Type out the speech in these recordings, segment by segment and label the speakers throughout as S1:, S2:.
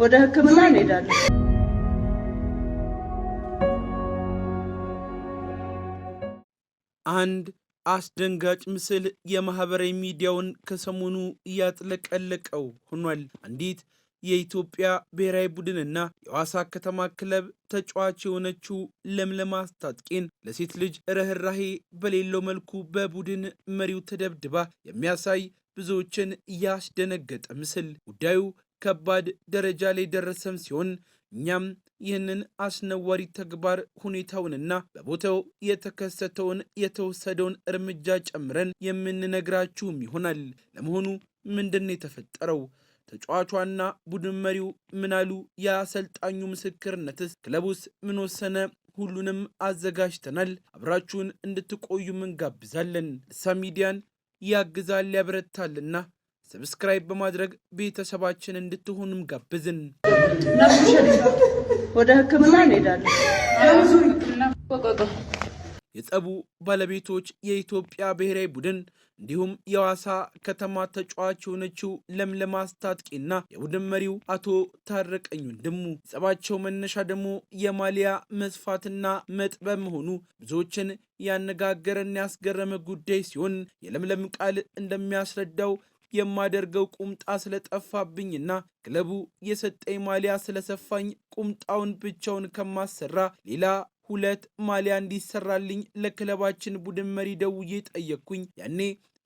S1: ወደ ሕክምና እንሄዳለን። አንድ አስደንጋጭ ምስል የማህበራዊ ሚዲያውን ከሰሞኑ እያጥለቀለቀው ሆኗል። አንዲት የኢትዮጵያ ብሔራዊ ቡድንና የዋሳ ከተማ ክለብ ተጫዋች የሆነችው ለምለም አስታጥቄን ለሴት ልጅ ርኅራሄ በሌለው መልኩ በቡድን መሪው ተደብድባ የሚያሳይ ብዙዎችን ያስደነገጠ ምስል ጉዳዩ ከባድ ደረጃ ላይ ደረሰም ሲሆን እኛም ይህንን አስነዋሪ ተግባር ሁኔታውንና በቦታው የተከሰተውን የተወሰደውን እርምጃ ጨምረን የምንነግራችሁም ይሆናል። ለመሆኑ ምንድን የተፈጠረው? ተጫዋቿና ቡድን መሪው ምናሉ? የአሰልጣኙ ምስክርነትስ? ክለቡስ ምን ወሰነ? ሁሉንም አዘጋጅተናል። አብራችሁን እንድትቆዩም እንጋብዛለን። ልሳን ሚዲያን ያግዛል፣ ያበረታልና ሰብስክራይብ በማድረግ ቤተሰባችን እንድትሆንም ጋብዝን። ወደ ህክምና እንሄዳለን። የጸቡ ባለቤቶች የኢትዮጵያ ብሔራዊ ቡድን እንዲሁም የሐዋሳ ከተማ ተጫዋች የሆነችው ለምለም አስታጥቂና የቡድን መሪው አቶ ታረቀኝ ወንድሙ። የጸባቸው መነሻ ደግሞ የማሊያ መስፋትና መጥበብ መሆኑ ብዙዎችን ያነጋገረና ያስገረመ ጉዳይ ሲሆን የለምለም ቃል እንደሚያስረዳው የማደርገው ቁምጣ ስለጠፋብኝና ክለቡ የሰጠኝ ማሊያ ስለሰፋኝ ቁምጣውን ብቻውን ከማሰራ ሌላ ሁለት ማሊያ እንዲሰራልኝ ለክለባችን ቡድን መሪ ደውዬ ጠየቅኩኝ። ያኔ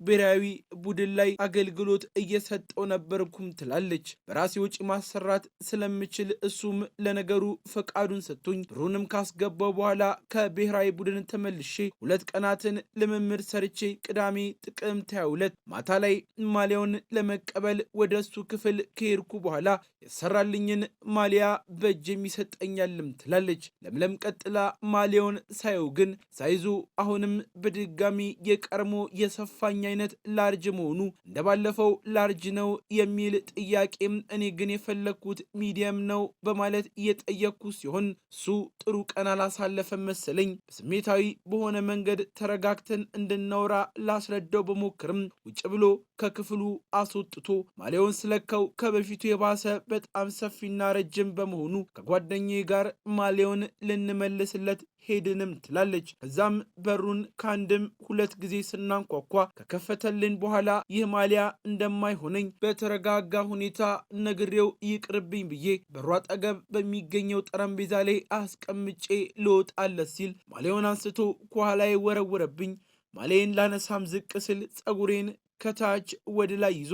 S1: ብሔራዊ ቡድን ላይ አገልግሎት እየሰጠው ነበርኩም ትላለች። በራሴ ወጪ ማሰራት ስለምችል እሱም ለነገሩ ፈቃዱን ሰጥቶኝ ብሩንም ካስገባው በኋላ ከብሔራዊ ቡድን ተመልሼ ሁለት ቀናትን ልምምድ ሰርቼ ቅዳሜ ጥቅምት 22 ማታ ላይ ማሊያውን ለመቀበል ወደ እሱ ክፍል ከሄድኩ በኋላ የሰራልኝን ማሊያ በእጅ የሚሰጠኛልም ትላለች። ለምለም ቀጥላ ማሊያውን ሳየው ግን ሳይዙ አሁንም በድጋሚ የቀድሞ የሰፋኛ አይነት ላርጅ መሆኑ እንደባለፈው ላርጅ ነው የሚል ጥያቄም እኔ ግን የፈለግኩት ሚዲየም ነው በማለት እየጠየቅኩ ሲሆን እሱ ጥሩ ቀን አላሳለፈም መሰለኝ። በስሜታዊ በሆነ መንገድ ተረጋግተን እንድናወራ ላስረዳው በሞክርም ውጭ ብሎ ከክፍሉ አስወጥቶ ማሊያውን ስለካው ከበፊቱ የባሰ በጣም ሰፊና ረጅም በመሆኑ ከጓደኛ ጋር ማሊያውን ልንመልስለት ሄድንም ትላለች። ከዛም በሩን ከአንድም ሁለት ጊዜ ስናንኳኳ ከከፈተልን በኋላ ይህ ማሊያ እንደማይሆነኝ በተረጋጋ ሁኔታ ነግሬው ይቅርብኝ ብዬ በሩ አጠገብ በሚገኘው ጠረጴዛ ላይ አስቀምጬ ልወጣለት ሲል ማሊያውን አንስቶ ከኋላዬ ወረወረብኝ። ማሌን ላነሳም ዝቅ ስል ጸጉሬን ከታች ወደ ላይ ይዞ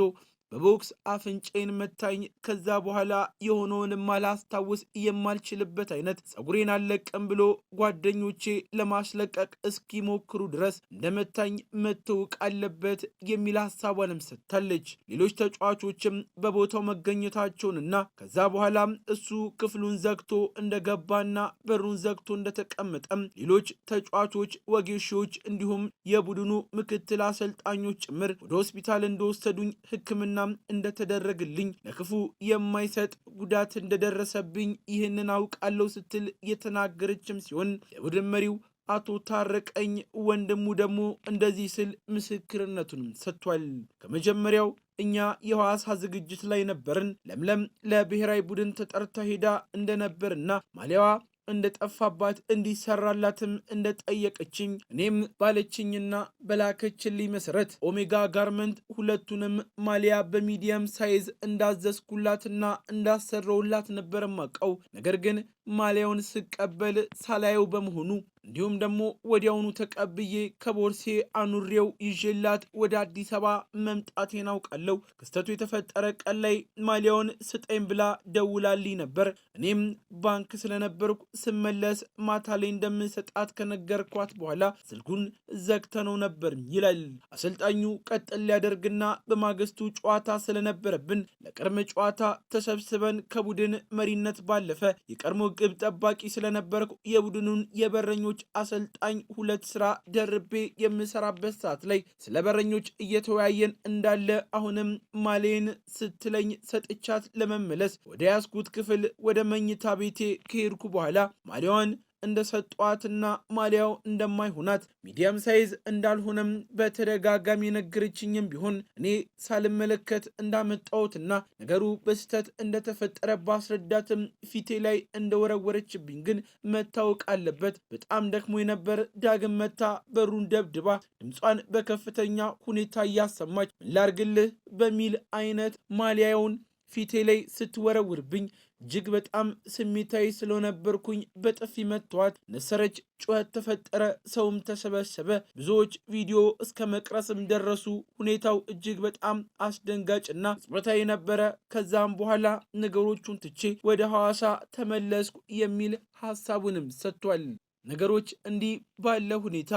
S1: በቦክስ አፍንጫዬን መታኝ። ከዛ በኋላ የሆነውን ማላስታውስ የማልችልበት አይነት ጸጉሬን አለቀም ብሎ ጓደኞቼ ለማስለቀቅ እስኪሞክሩ ድረስ እንደመታኝ መታወቅ አለበት የሚል ሀሳቧንም ሰጥታለች። ሌሎች ተጫዋቾችም በቦታው መገኘታቸውንና ከዛ በኋላም እሱ ክፍሉን ዘግቶ እንደገባና በሩን ዘግቶ እንደተቀመጠም ሌሎች ተጫዋቾች፣ ወጌሾች እንዲሁም የቡድኑ ምክትል አሰልጣኞች ጭምር ወደ ሆስፒታል እንደወሰዱኝ ሕክምና ሕክምናም እንደተደረግልኝ ለክፉ የማይሰጥ ጉዳት እንደደረሰብኝ ይህንን አውቃለሁ ስትል የተናገረችም ሲሆን የቡድን መሪው አቶ ታረቀኝ ወንድሙ ደግሞ እንደዚህ ስል ምስክርነቱንም ሰጥቷል። ከመጀመሪያው እኛ የሐዋሳ ዝግጅት ላይ ነበርን። ለምለም ለብሔራዊ ቡድን ተጠርታ ሄዳ እንደነበርና ማሊያዋ እንደጠፋባት እንዲሰራላትም እንደጠየቀችኝ እኔም ባለችኝና በላከችልኝ መሰረት ኦሜጋ ጋርመንት ሁለቱንም ማሊያ በሚዲየም ሳይዝ እንዳዘዝኩላትና እንዳሰረውላት ነበር ማቀው። ነገር ግን ማሊያውን ስቀበል ሳላየው በመሆኑ እንዲሁም ደግሞ ወዲያውኑ ተቀብዬ ከቦርሴ አኑሬው ይዤላት ወደ አዲስ አበባ መምጣቴን አውቃለሁ። ክስተቱ የተፈጠረ ቀን ላይ ማሊያውን ስጠኝ ብላ ደውላልኝ ነበር። እኔም ባንክ ስለነበርኩ ስመለስ ማታ ላይ እንደምንሰጣት ከነገርኳት በኋላ ስልኩን ዘግተነው ነበር ይላል አሰልጣኙ። ቀጥል ሊያደርግና በማግስቱ ጨዋታ ስለነበረብን ለቅድመ ጨዋታ ተሰብስበን ከቡድን መሪነት ባለፈ የቀድሞ ግብ ጠባቂ ስለነበርኩ የቡድኑን የበረኞ በረኞች አሰልጣኝ ሁለት ስራ ደርቤ የምሰራበት ሰዓት ላይ ስለ በረኞች እየተወያየን እንዳለ አሁንም ማሌን ስትለኝ ሰጥቻት ለመመለስ ወደ ያስኩት ክፍል ወደ መኝታ ቤቴ ከሄድኩ በኋላ ማሊዋን እንደሰጧትና ማሊያው እንደማይሆናት ሚዲያም ሳይዝ እንዳልሆነም በተደጋጋሚ የነገረችኝም ቢሆን እኔ ሳልመለከት እንዳመጣሁትና ነገሩ በስህተት እንደተፈጠረ ባስረዳትም ፊቴ ላይ እንደወረወረችብኝ ግን መታወቅ አለበት። በጣም ደክሞ የነበር ዳግም መታ በሩን ደብድባ ድምጿን በከፍተኛ ሁኔታ እያሰማች ምን ላርግልህ በሚል አይነት ማሊያውን ፊቴ ላይ ስትወረውርብኝ እጅግ በጣም ስሜታዊ ስለነበርኩኝ በጥፊ መቷት። ነሰረች፣ ጩኸት ተፈጠረ፣ ሰውም ተሰበሰበ። ብዙዎች ቪዲዮ እስከ መቅረስም ደረሱ። ሁኔታው እጅግ በጣም አስደንጋጭና ቅጽበታዊ ነበረ። ከዛም በኋላ ነገሮቹን ትቼ ወደ ሐዋሳ ተመለስኩ የሚል ሐሳቡንም ሰጥቷል። ነገሮች እንዲህ ባለ ሁኔታ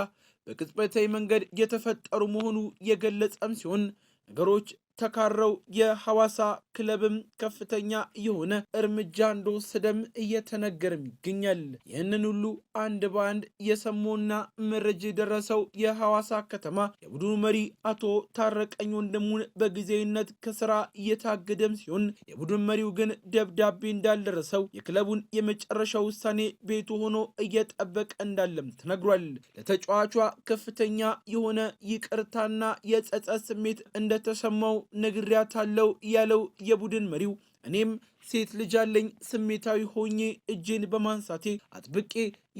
S1: በቅጽበታዊ መንገድ የተፈጠሩ መሆኑ የገለጸም ሲሆን ነገሮች ተካረው የሐዋሳ ክለብም ከፍተኛ የሆነ እርምጃ እንደወሰደም እየተነገርም ይገኛል። ይህንን ሁሉ አንድ በአንድ የሰሞና መረጃ የደረሰው የሐዋሳ ከተማ የቡድኑ መሪ አቶ ታረቀኝ ወንድሙን በጊዜያዊነት ከስራ እየታገደም ሲሆን የቡድን መሪው ግን ደብዳቤ እንዳልደረሰው የክለቡን የመጨረሻ ውሳኔ ቤቱ ሆኖ እየጠበቀ እንዳለም ተነግሯል። ለተጫዋቿ ከፍተኛ የሆነ ይቅርታና የጸጸት ስሜት እንደተሰማው ነግሬያታለሁ ያለው የቡድን መሪው እኔም ሴት ልጅ አለኝ፣ ስሜታዊ ሆኜ እጄን በማንሳቴ አጥብቄ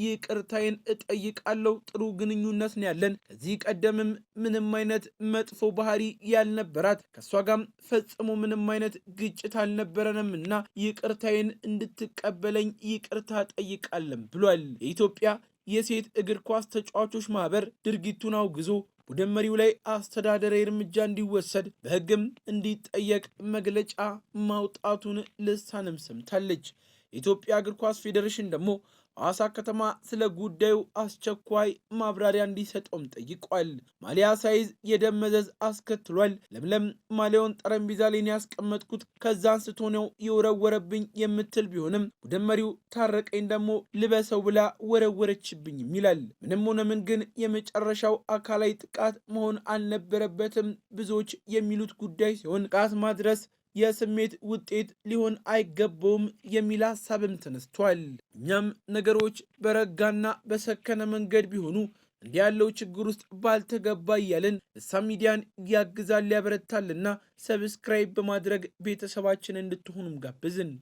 S1: ይቅርታዬን እጠይቃለሁ። ጥሩ ግንኙነት ነው ያለን። ከዚህ ቀደምም ምንም አይነት መጥፎ ባህሪ ያልነበራት ከእሷ ጋም ፈጽሞ ምንም አይነት ግጭት አልነበረንም እና ይቅርታዬን እንድትቀበለኝ ይቅርታ ጠይቃለን ብሏል። የኢትዮጵያ የሴት እግር ኳስ ተጫዋቾች ማህበር ድርጊቱን አውግዞ ቡድን መሪው ላይ አስተዳደራዊ እርምጃ እንዲወሰድ በሕግም እንዲጠየቅ መግለጫ ማውጣቱን ልሳንም ሰምታለች። የኢትዮጵያ እግር ኳስ ፌዴሬሽን ደግሞ ሐዋሳ ከተማ ስለ ጉዳዩ አስቸኳይ ማብራሪያ እንዲሰጠውም ጠይቋል። ማሊያ ሳይዝ የደም መዘዝ አስከትሏል። ለምለም ማሊያውን ጠረጴዛ ላይ ያስቀመጥኩት ከዛ አንስቶ ነው የወረወረብኝ የምትል ቢሆንም ቡድን መሪው ታረቀኝ ደግሞ ልበሰው ብላ ወረወረችብኝም ይላል። ምንም ሆነ ምን ግን የመጨረሻው አካላዊ ጥቃት መሆን አልነበረበትም ብዙዎች የሚሉት ጉዳይ ሲሆን ጥቃት ማድረስ የስሜት ውጤት ሊሆን አይገባውም የሚል ሀሳብም ተነስቷል። እኛም ነገሮች በረጋና በሰከነ መንገድ ቢሆኑ እንዲህ ያለው ችግር ውስጥ ባልተገባ እያልን እሳ ሚዲያን ያግዛል ያበረታልና ሰብስክራይብ በማድረግ ቤተሰባችን እንድትሆኑም ጋብዝን።